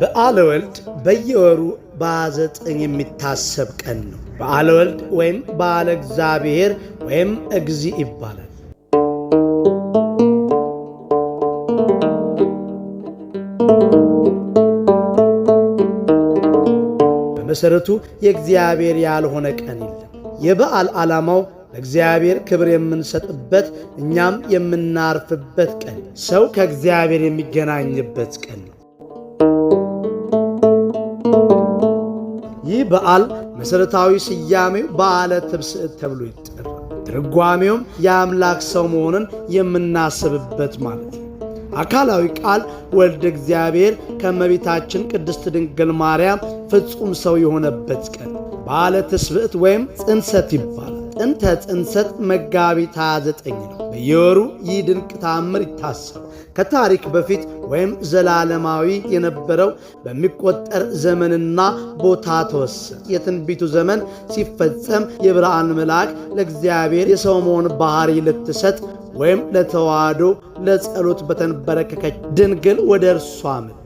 በዓለ ወልድ በየወሩ በዘጠኝ የሚታሰብ ቀን ነው። በዓለ ወልድ ወይም በዓለ እግዚአብሔር ወይም እግዚ ይባላል። በመሠረቱ የእግዚአብሔር ያልሆነ ቀን የለም። የበዓል ዓላማው ለእግዚአብሔር ክብር የምንሰጥበት እኛም የምናርፍበት ቀን፣ ሰው ከእግዚአብሔር የሚገናኝበት ቀን ነው። በዓል መሠረታዊ ስያሜው በዓለ ትብስዕት ተብሎ ይጠራል። ትርጓሜውም የአምላክ ሰው መሆንን የምናስብበት ማለት ነው። አካላዊ ቃል ወልድ እግዚአብሔር ከመቤታችን ቅድስት ድንግል ማርያም ፍጹም ሰው የሆነበት ቀን በዓለ ትስብእት ወይም ጽንሰት ይባላል። ጥንተ ጽንሰት መጋቢት 29 ነው። በየወሩ ይህ ድንቅ ተአምር ይታሰባል። ከታሪክ በፊት ወይም ዘላለማዊ የነበረው በሚቆጠር ዘመንና ቦታ ተወሰነ። የትንቢቱ ዘመን ሲፈጸም የብርሃን መልአክ ለእግዚአብሔር የሰው መሆን ባህሪ ልትሰጥ ወይም ለተዋህዶ ለጸሎት በተንበረከከች ድንግል ወደ እርሷ መጣ።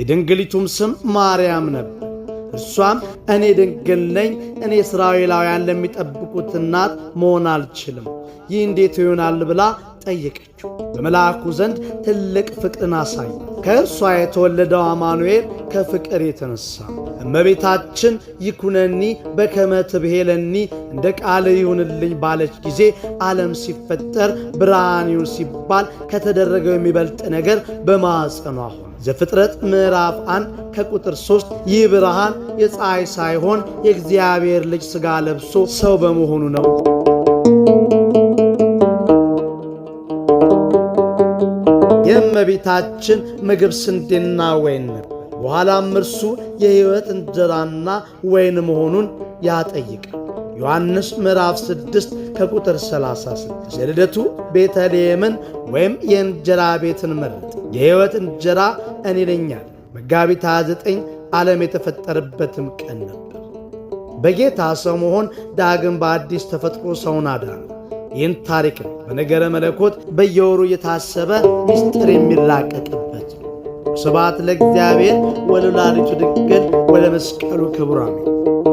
የድንግሊቱም ስም ማርያም ነበር። እርሷም እኔ ድንግል ነኝ፣ እኔ እስራኤላውያን ለሚጠብቁት እናት መሆን አልችልም፣ ይህ እንዴት ይሆናል ብላ ጠየቀችው። በመልአኩ ዘንድ ትልቅ ፍቅርን አሳየ። ከእርሷ የተወለደው አማኑኤል ከፍቅር የተነሳ እመቤታችን ይኩነኒ በከመ ትብሄለኒ እንደ ቃል ይሁንልኝ ባለች ጊዜ ዓለም ሲፈጠር ብርሃን ይሁን ሲባል ከተደረገው የሚበልጥ ነገር በማጸኑ ሆነ። ዘፍጥረት ምዕራፍ አንድ ከቁጥር ሶስት ይህ ብርሃን የፀሐይ ሳይሆን የእግዚአብሔር ልጅ ሥጋ ለብሶ ሰው በመሆኑ ነው። የእመቤታችን ምግብ ስንዴና ወይን ነው። በኋላም እርሱ የሕይወት እንጀራና ወይን መሆኑን ያጠይቃል። ዮሐንስ ምዕራፍ 6 ከቁጥር 36 የልደቱ ቤተልሔምን ወይም የእንጀራ ቤትን መረጥ የሕይወት እንጀራ እኔ ነኛል። መጋቢት 29 ዓለም የተፈጠረበትም ቀን ነበር። በጌታ ሰው መሆን ዳግም በአዲስ ተፈጥሮ ሰውን አዳነ። ይህን ታሪክ ነው በነገረ መለኮት በየወሩ እየታሰበ ምስጢር የሚላቀቅበት ስብሐት ለእግዚአብሔር ወለወላዲቱ ድንግል ወለመስቀሉ ክቡር አሜን።